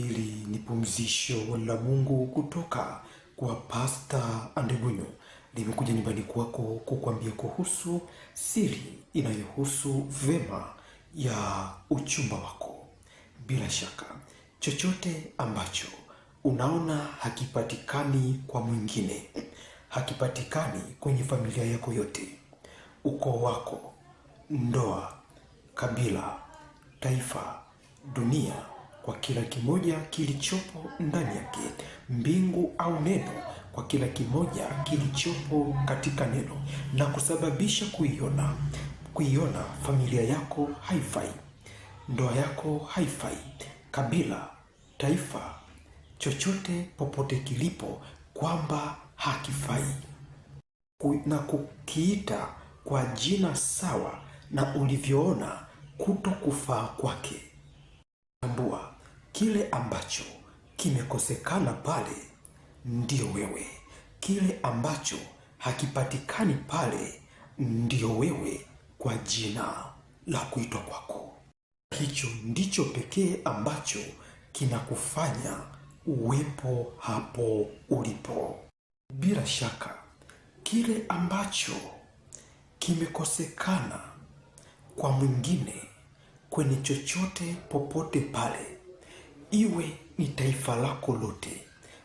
Hili ni pumzisho la Mungu kutoka kwa Pasta andegunyo limekuja nyumbani kwako kukuambia kuhusu siri inayohusu vema ya uchumba wako. Bila shaka, chochote ambacho unaona hakipatikani kwa mwingine, hakipatikani kwenye familia yako yote, ukoo wako, ndoa, kabila, taifa, dunia kwa kila kimoja kilichopo ndani yake, mbingu au neno kwa kila kimoja kilichopo katika neno, na kusababisha kuiona kuiona familia yako haifai, ndoa yako haifai, kabila, taifa, chochote popote kilipo, kwamba hakifai na kukiita kwa jina sawa na ulivyoona kuto kufaa kwake. Tambua Kile ambacho kimekosekana pale ndio wewe, kile ambacho hakipatikani pale ndio wewe, kwa jina la kuitwa kwako. Hicho ndicho pekee ambacho kinakufanya uwepo hapo ulipo. Bila shaka kile ambacho kimekosekana kwa mwingine kwenye chochote popote pale iwe ni taifa lako lote,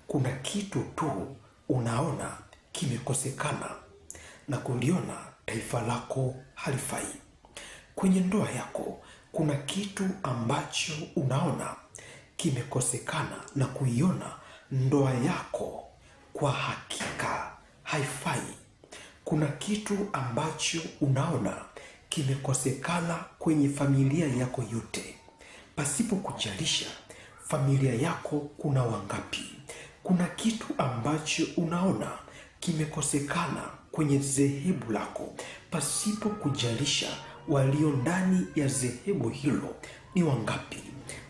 kuna kitu tu unaona kimekosekana na kuliona taifa lako halifai. Kwenye ndoa yako kuna kitu ambacho unaona kimekosekana na kuiona ndoa yako kwa hakika haifai. Kuna kitu ambacho unaona kimekosekana kwenye familia yako yote, pasipo kujalisha familia yako kuna wangapi? Kuna kitu ambacho unaona kimekosekana kwenye dhehebu lako, pasipo kujalisha walio ndani ya dhehebu hilo ni wangapi.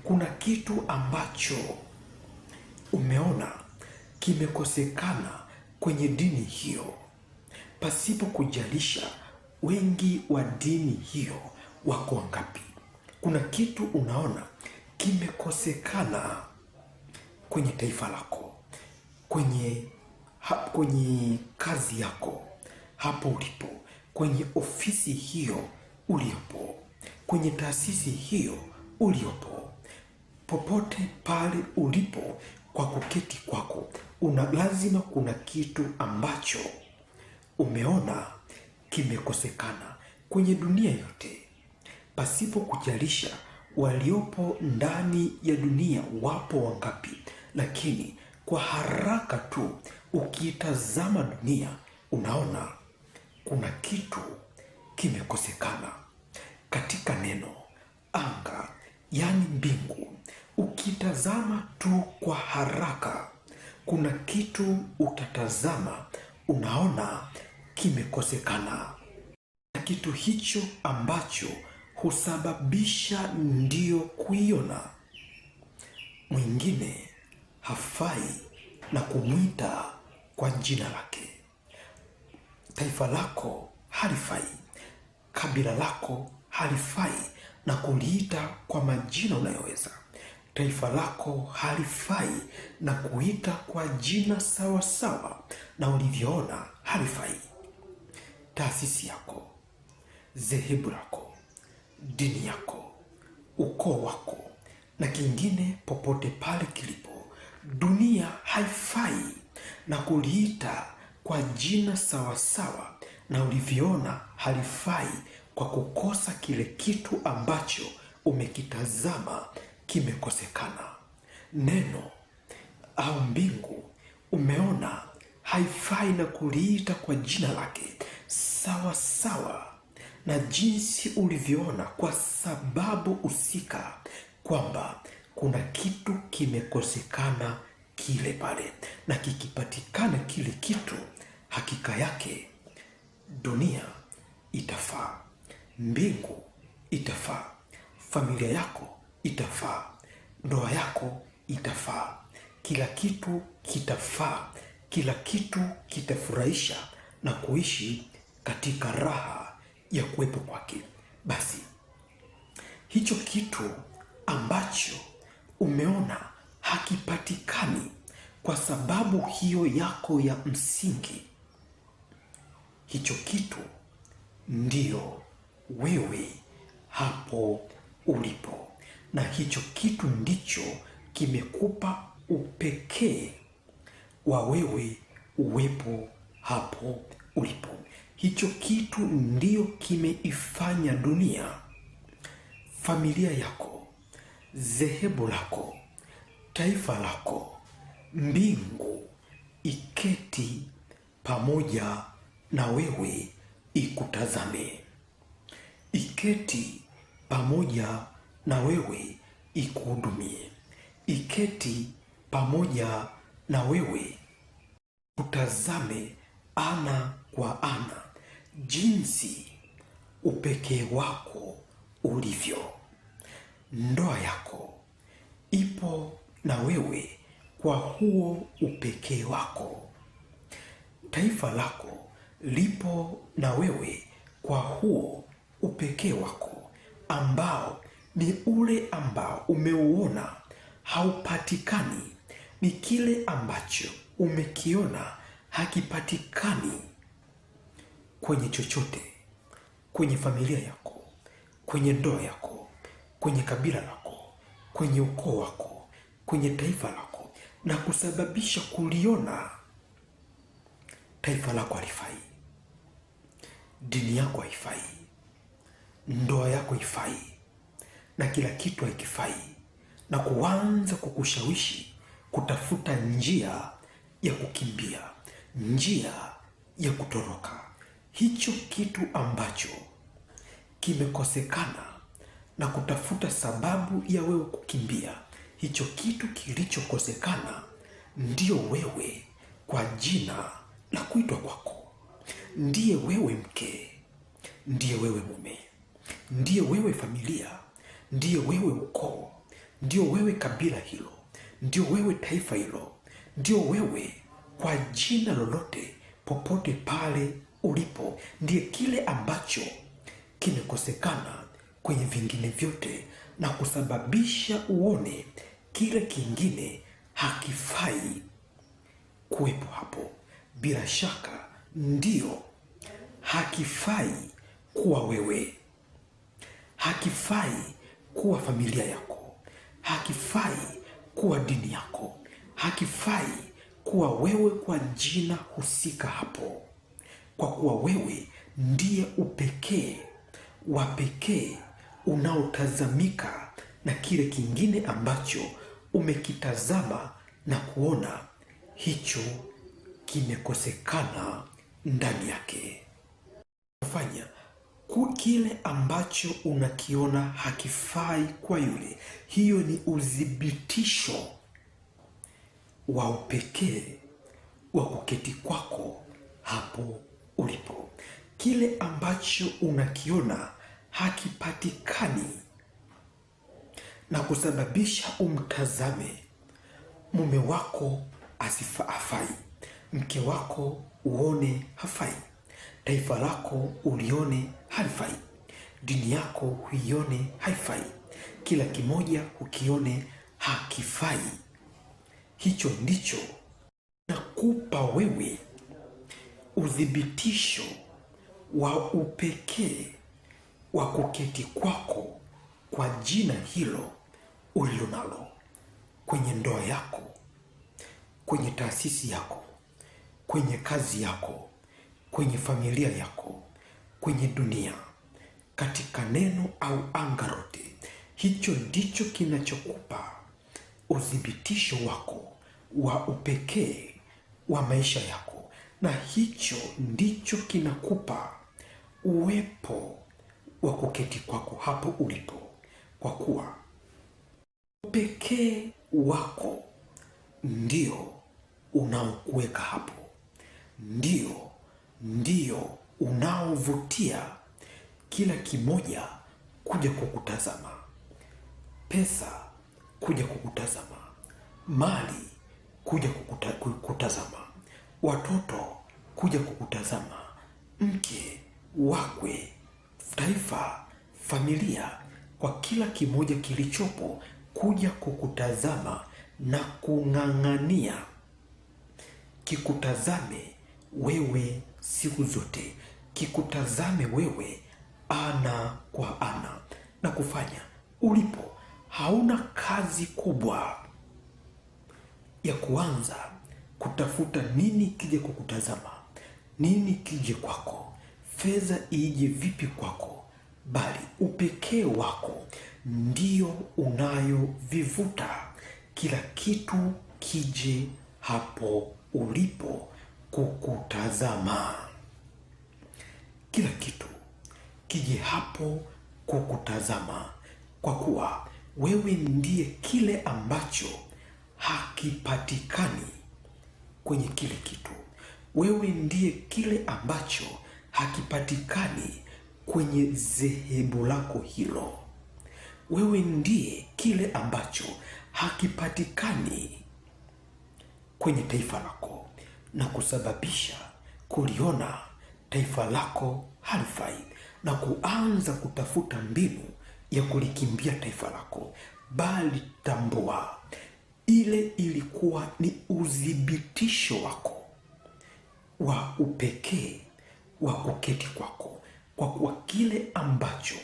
Kuna kitu ambacho umeona kimekosekana kwenye dini hiyo, pasipo kujalisha wengi wa dini hiyo wako wangapi. Kuna kitu unaona kimekosekana kwenye taifa lako, kwenye, hap, kwenye kazi yako hapo ulipo, kwenye ofisi hiyo uliopo, kwenye taasisi hiyo uliopo, popote pale ulipo, kwa kuketi kwako, una lazima kuna kitu ambacho umeona kimekosekana kwenye dunia yote, pasipo kujalisha waliopo ndani ya dunia wapo wangapi? Lakini kwa haraka tu ukitazama dunia unaona kuna kitu kimekosekana katika neno anga, yaani mbingu. Ukitazama tu kwa haraka, kuna kitu utatazama unaona kimekosekana, na kitu hicho ambacho kusababisha ndio kuiona, mwingine hafai na kumwita kwa jina lake. Taifa lako halifai, kabila lako halifai na kuliita kwa majina unayoweza. Taifa lako halifai na kuita kwa jina sawa sawa na ulivyoona halifai. Taasisi yako, dhehebu lako dini yako, ukoo wako na kingine popote pale kilipo. Dunia haifai na kuliita kwa jina sawasawa sawa, na ulivyoona halifai kwa kukosa kile kitu ambacho umekitazama kimekosekana. Neno au mbingu umeona haifai na kuliita kwa jina lake sawasawa na jinsi ulivyoona kwa sababu husika kwamba kuna kitu kimekosekana kile pale, na kikipatikana kile kitu, hakika yake dunia itafaa, mbingu itafaa, familia yako itafaa, ndoa yako itafaa, kila kitu kitafaa, kila kitu kitafurahisha na kuishi katika raha ya kuwepo kwake. Basi hicho kitu ambacho umeona hakipatikani kwa sababu hiyo yako ya msingi, hicho kitu ndio wewe hapo ulipo, na hicho kitu ndicho kimekupa upekee wa wewe uwepo hapo ulipo. Hicho kitu ndiyo kimeifanya dunia, familia yako, dhehebu lako, taifa lako, mbingu iketi pamoja na wewe ikutazame, iketi pamoja na wewe ikuhudumie, iketi pamoja na wewe kutazame ana kwa ana jinsi upekee wako ulivyo. Ndoa yako ipo na wewe kwa huo upekee wako. Taifa lako lipo na wewe kwa huo upekee wako ambao ni ule ambao umeuona haupatikani, ni kile ambacho umekiona hakipatikani kwenye chochote, kwenye familia yako, kwenye ndoa yako, kwenye kabila lako, kwenye ukoo wako, kwenye taifa lako, na kusababisha kuliona taifa lako halifai, dini yako haifai, ndoa yako haifai, na kila kitu hakifai, na kuanza kukushawishi kutafuta njia ya kukimbia, njia ya kutoroka hicho kitu ambacho kimekosekana na kutafuta sababu ya wewe kukimbia. Hicho kitu kilichokosekana ndiyo wewe, kwa jina la kuitwa kwako. Ndiye wewe mke, ndiye wewe mume, ndiye wewe familia, ndiye wewe ukoo, ndiyo wewe kabila hilo, ndiyo wewe taifa hilo, ndiyo wewe kwa jina lolote popote pale ulipo ndiye kile ambacho kimekosekana kwenye vingine vyote na kusababisha uone kile kingine hakifai kuwepo hapo. Bila shaka ndio hakifai kuwa wewe, hakifai kuwa familia yako, hakifai kuwa dini yako, hakifai kuwa wewe kwa jina husika hapo kwa kuwa wewe ndiye upekee wa pekee unaotazamika na kile kingine ambacho umekitazama na kuona hicho kimekosekana ndani yake. Fanya kile ambacho unakiona hakifai kwa yule, hiyo ni uthibitisho wa upekee wa kuketi kwako hapo ulipo. Kile ambacho unakiona hakipatikani na kusababisha umtazame mume wako asifa afai, mke wako uone hafai, taifa lako ulione halifai, dini yako huione haifai, kila kimoja ukione hakifai. Hicho ndicho nakupa wewe uthibitisho wa upekee wa kuketi kwako kwa jina hilo ulilonalo kwenye ndoa yako, kwenye taasisi yako, kwenye kazi yako, kwenye familia yako, kwenye dunia, katika neno au anga lote. Hicho ndicho kinachokupa uthibitisho wako wa upekee wa maisha yako na hicho ndicho kinakupa uwepo wa kuketi kwako hapo ulipo, kwa kuwa upekee wako ndio unaokuweka hapo, ndio ndio unaovutia kila kimoja kuja kukutazama, pesa kuja kukutazama, mali kuja kukutazama watoto kuja kukutazama, mke, wakwe, taifa, familia, kwa kila kimoja kilichopo kuja kukutazama na kung'ang'ania kikutazame wewe siku zote, kikutazame wewe ana kwa ana, na kufanya ulipo hauna kazi kubwa ya kuanza kutafuta nini kije kukutazama, nini kije kwako, fedha ije vipi kwako, bali upekee wako ndio unayovivuta. Kila kitu kije hapo ulipo kukutazama, kila kitu kije hapo kukutazama, kwa kuwa wewe ndiye kile ambacho hakipatikani kwenye kile kitu. Wewe ndiye kile ambacho hakipatikani kwenye dhehebu lako hilo. Wewe ndiye kile ambacho hakipatikani kwenye taifa lako na kusababisha kuliona taifa lako halifai na kuanza kutafuta mbinu ya kulikimbia taifa lako, bali tambua ile ilikuwa ni udhibitisho wako wa upekee wa kuketi kwako, kwa kuwa kile ambacho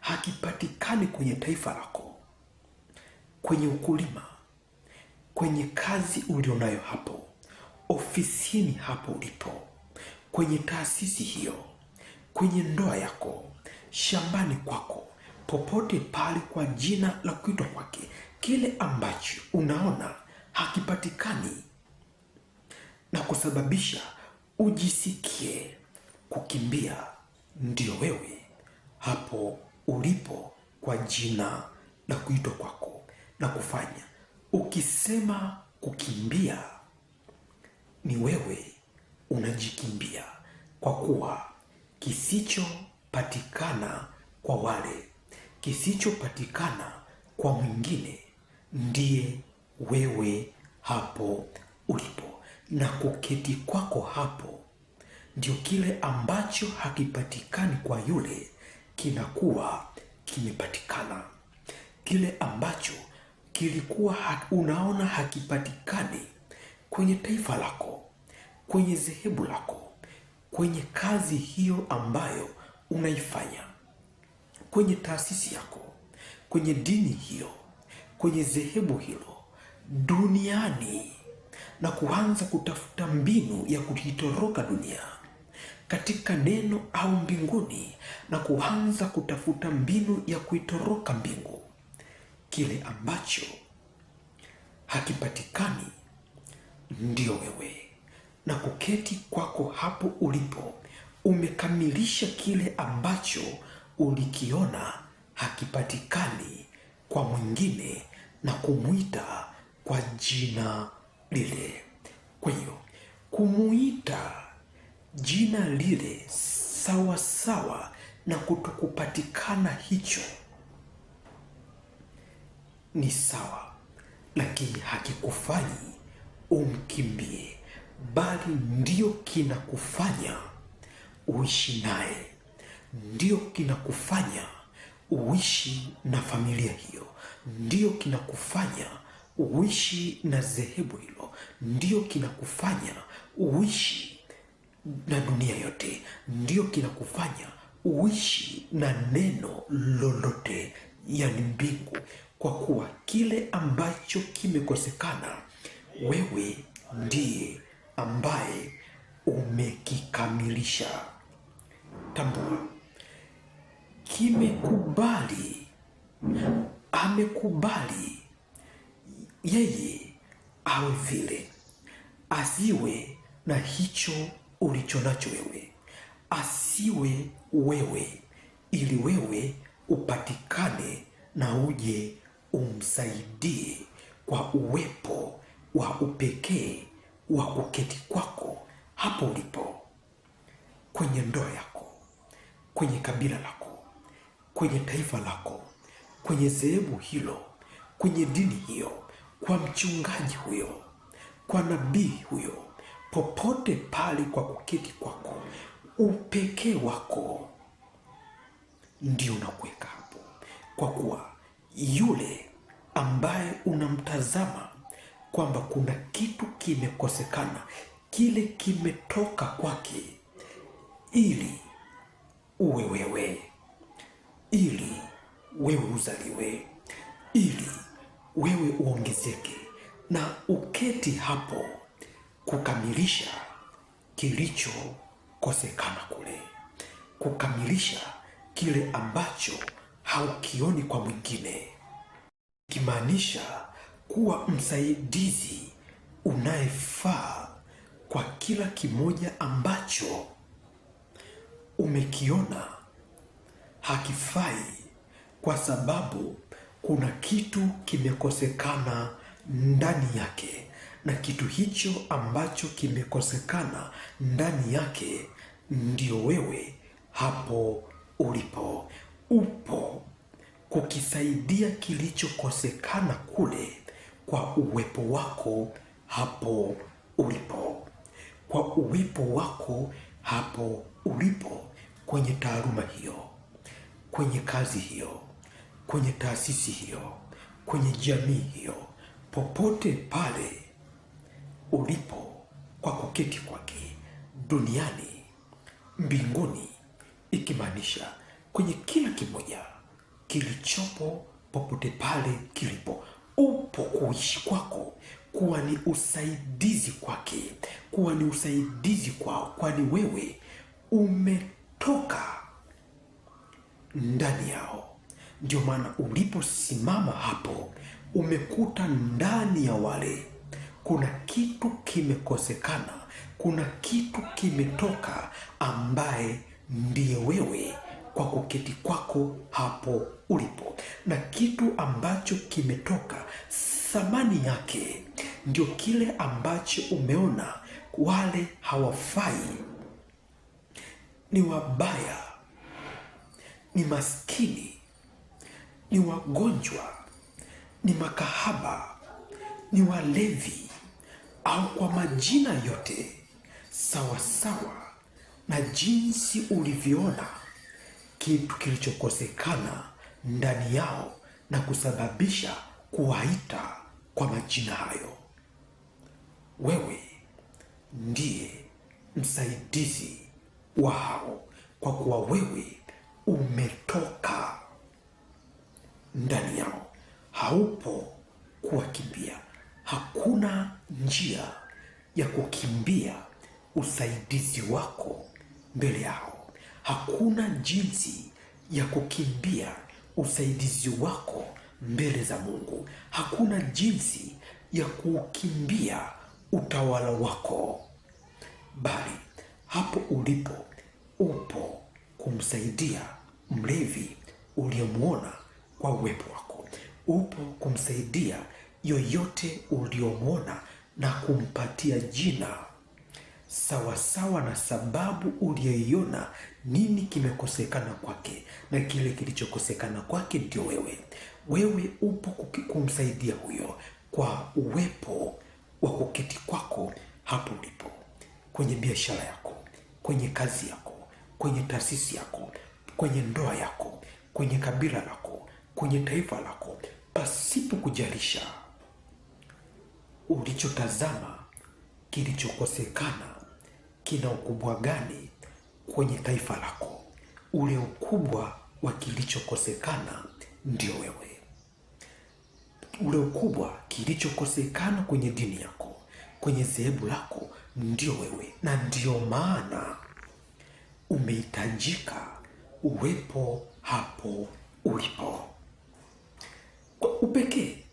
hakipatikani kwenye taifa lako, kwenye ukulima, kwenye kazi ulionayo hapo ofisini, hapo ulipo, kwenye taasisi hiyo, kwenye ndoa yako, shambani kwako, popote pale kwa jina la kuitwa kwake kile ambacho unaona hakipatikani na kusababisha ujisikie kukimbia, ndio wewe hapo ulipo kwa jina la kuitwa kwako na kufanya. Ukisema kukimbia, ni wewe unajikimbia, kwa kuwa kisichopatikana kwa wale, kisichopatikana kwa mwingine ndiye wewe hapo ulipo, na kuketi kwako hapo ndio kile ambacho hakipatikani kwa yule kinakuwa kimepatikana. Kile ambacho kilikuwa ha unaona hakipatikani kwenye taifa lako, kwenye dhehebu lako, kwenye kazi hiyo ambayo unaifanya, kwenye taasisi yako, kwenye dini hiyo kwenye dhehebu hilo duniani na kuanza kutafuta mbinu ya kuitoroka dunia katika neno au mbinguni na kuanza kutafuta mbinu ya kuitoroka mbingu. Kile ambacho hakipatikani ndio wewe, na kuketi kwako hapo ulipo umekamilisha kile ambacho ulikiona hakipatikani kwa mwingine na kumwita kwa jina lile. Kwa hiyo kumwita jina lile sawasawa sawa na kutokupatikana hicho ni sawa, lakini hakikufanyi umkimbie, bali ndio kinakufanya uishi naye, ndio kinakufanya uishi na familia hiyo, ndiyo kinakufanya uishi na dhehebu hilo, ndiyo kinakufanya uishi na dunia yote, ndiyo kinakufanya uishi na neno lolote, yani mbingu, kwa kuwa kile ambacho kimekosekana, wewe ndiye ambaye umekikamilisha. Tambua kimekubali, amekubali yeye awe vile, asiwe na hicho ulicho nacho wewe, asiwe wewe, ili wewe upatikane na uje umsaidie kwa uwepo wa upekee wa kuketi kwako hapo ulipo, kwenye ndoa yako, kwenye kabila lako kwenye taifa lako, kwenye dhehebu hilo, kwenye dini hiyo, kwa mchungaji huyo, kwa nabii huyo, popote pale, kwa kuketi kwako, upekee wako ndio unakuweka hapo, kwa kuwa yule ambaye unamtazama kwamba kuna kitu kimekosekana, kile kimetoka kwake, ili uwe wewe ili wewe uzaliwe, ili wewe uongezeke na uketi hapo kukamilisha kilichokosekana kule, kukamilisha kile ambacho haukioni kwa mwingine, ikimaanisha kuwa msaidizi unayefaa kwa kila kimoja ambacho umekiona hakifai kwa sababu kuna kitu kimekosekana ndani yake, na kitu hicho ambacho kimekosekana ndani yake ndio wewe hapo ulipo upo kukisaidia kilichokosekana kule kwa uwepo wako hapo ulipo, kwa uwepo wako hapo ulipo kwenye taaluma hiyo kwenye kazi hiyo, kwenye taasisi hiyo, kwenye jamii hiyo, popote pale ulipo, kwa kuketi kwake duniani, mbinguni, ikimaanisha kwenye kila kimoja kilichopo, popote pale kilipo upo. Kuishi kwako kuwa ni usaidizi kwake, kuwa ni usaidizi kwao, kwani wewe umetoka ndani yao. Ndio maana uliposimama hapo umekuta ndani ya wale kuna kitu kimekosekana, kuna kitu kimetoka, ambaye ndiye wewe kwa kuketi kwako hapo ulipo, na kitu ambacho kimetoka, thamani yake ndio kile ambacho umeona wale hawafai, ni wabaya ni maskini, ni wagonjwa, ni makahaba, ni walevi, au kwa majina yote sawasawa na jinsi ulivyoona kitu kilichokosekana ndani yao na kusababisha kuwaita kwa majina hayo. Wewe ndiye msaidizi wa hao, kwa kuwa wewe umetoka ndani yao, haupo kuwakimbia. Hakuna njia ya kukimbia usaidizi wako mbele yao, hakuna jinsi ya kukimbia usaidizi wako mbele za Mungu, hakuna jinsi ya kukimbia utawala wako, bali hapo ulipo upo kumsaidia mlevi uliyomwona kwa uwepo wako, upo kumsaidia yoyote uliyomwona na kumpatia jina sawasawa na sababu uliyoiona, nini kimekosekana kwake, na kile kilichokosekana kwake ndio wewe. Wewe upo kumsaidia huyo kwa uwepo wa kuketi kwako hapo ulipo, kwenye biashara yako, kwenye kazi yako, kwenye taasisi yako kwenye ndoa yako, kwenye kabila lako, kwenye taifa lako, pasipo kujalisha ulichotazama kilichokosekana kina ukubwa gani kwenye taifa lako. Ule ukubwa wa kilichokosekana ndio wewe, ule ukubwa kilichokosekana kwenye dini yako, kwenye dhehebu lako ndio wewe, na ndio maana umehitajika uwepo hapo ulipo. Kwa upekee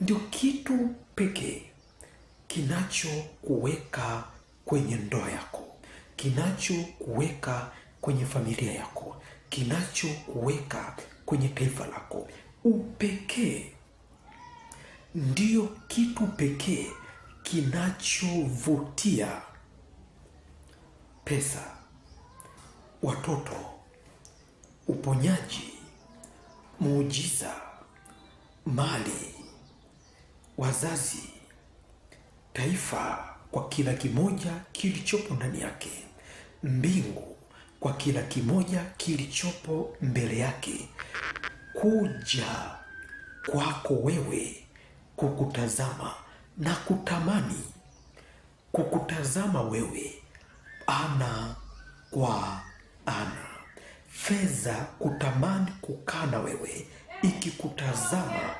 ndio kitu pekee kinachokuweka kwenye ndoa yako, kinachokuweka kwenye familia yako, kinachokuweka kwenye taifa lako. Upekee ndiyo kitu pekee kinachovutia pesa, watoto uponyaji, muujiza, mali, wazazi, taifa kwa kila kimoja kilichopo ndani yake, mbingu kwa kila kimoja kilichopo mbele yake, kuja kwako wewe kukutazama na kutamani kukutazama wewe ana kwa ana fedha kutamani kukaa na wewe, ikikutazama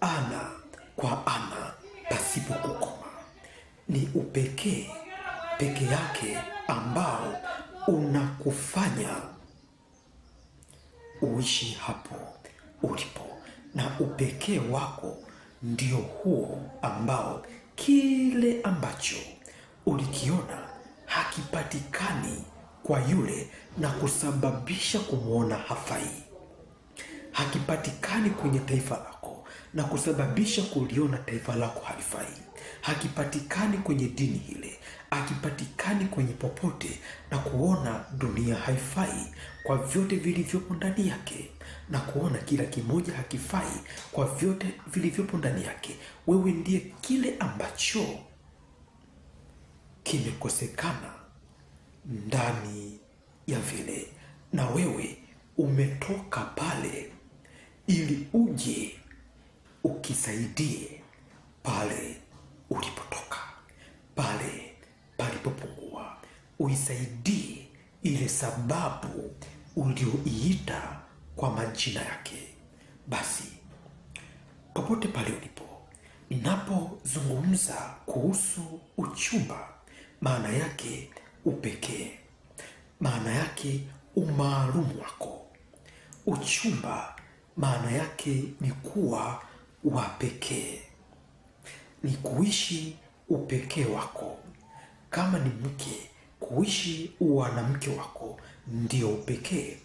ana kwa ana pasipo kukoma. Ni upekee peke yake ambao unakufanya uishi hapo ulipo, na upekee wako ndio huo ambao kile ambacho ulikiona hakipatikani kwa yule na kusababisha kumwona hafai, hakipatikani kwenye taifa lako na kusababisha kuliona taifa lako halifai, hakipatikani kwenye dini ile, hakipatikani kwenye popote na kuona dunia haifai kwa vyote vilivyopo ndani yake na kuona kila kimoja hakifai kwa vyote vilivyopo ndani yake. Wewe ndiye kile ambacho kimekosekana ndani ya vile, na wewe umetoka pale ili uje ukisaidie pale ulipotoka, pale palipopungua, uisaidie ile sababu ulioiita kwa majina yake. Basi popote pale ulipo, ninapozungumza kuhusu uchumba, maana yake upekee, maana yake umaalumu wako. Uchumba maana yake ni kuwa wa pekee, ni kuishi upekee wako. Kama ni mke, kuishi uwanamke wako ndio upekee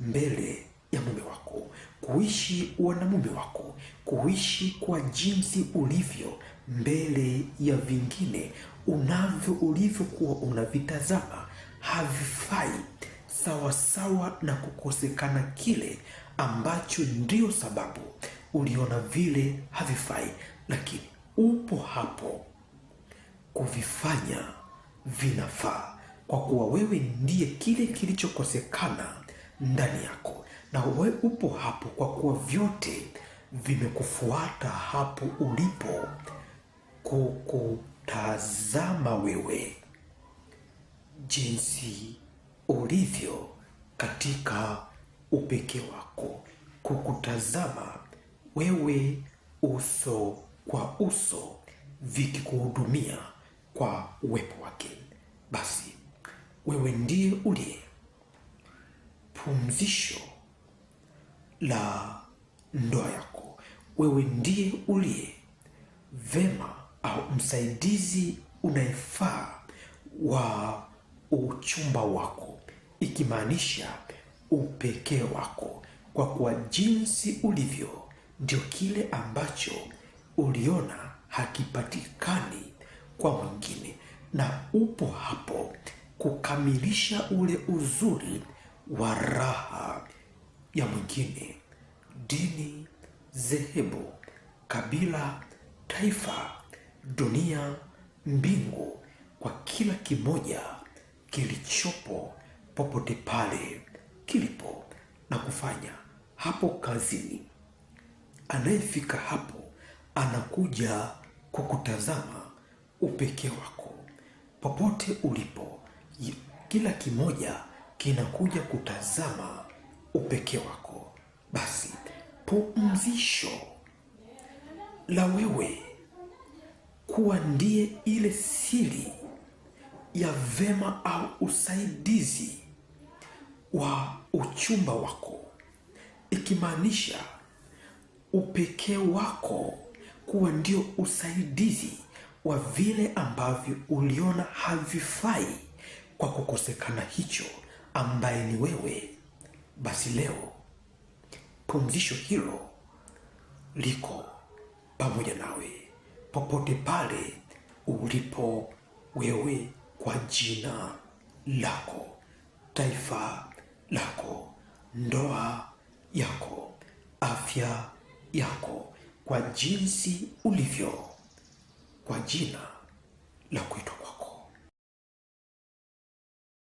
mbele ya mume wako, kuishi uwanamume wako, kuishi kwa jinsi ulivyo mbele ya vingine unavyo ulivyokuwa unavitazama havifai sawasawa na kukosekana kile ambacho ndio sababu uliona vile havifai, lakini upo hapo kuvifanya vinafaa, kwa kuwa wewe ndiye kile kilichokosekana ndani yako, na we upo hapo kwa kuwa vyote vimekufuata hapo ulipo kuku tazama wewe jinsi ulivyo katika upekee wako, kukutazama wewe uso kwa uso, vikikuhudumia kwa uwepo wake. Basi wewe ndiye uliye pumzisho la ndoa yako, wewe ndiye uliye vema au msaidizi unayefaa wa uchumba wako, ikimaanisha upekee wako, kwa kuwa jinsi ulivyo ndio kile ambacho uliona hakipatikani kwa mwingine, na upo hapo kukamilisha ule uzuri wa raha ya mwingine, dini, dhehebu, kabila, taifa dunia, mbingu, kwa kila kimoja kilichopo popote pale kilipo na kufanya hapo kazini. Anayefika hapo anakuja kwa kutazama upekee wako popote ulipo. Kila kimoja kinakuja kutazama upekee wako. Basi pumzisho la wewe kuwa ndiye ile siri ya vema au usaidizi wa uchumba wako, ikimaanisha upekee wako kuwa ndio usaidizi wa vile ambavyo uliona havifai kwa kukosekana hicho ambaye ni wewe. Basi leo pumzisho hilo liko pamoja nawe popote pale ulipo wewe kwa jina lako, taifa lako, ndoa yako, afya yako, kwa jinsi ulivyo, kwa jina la kuitwa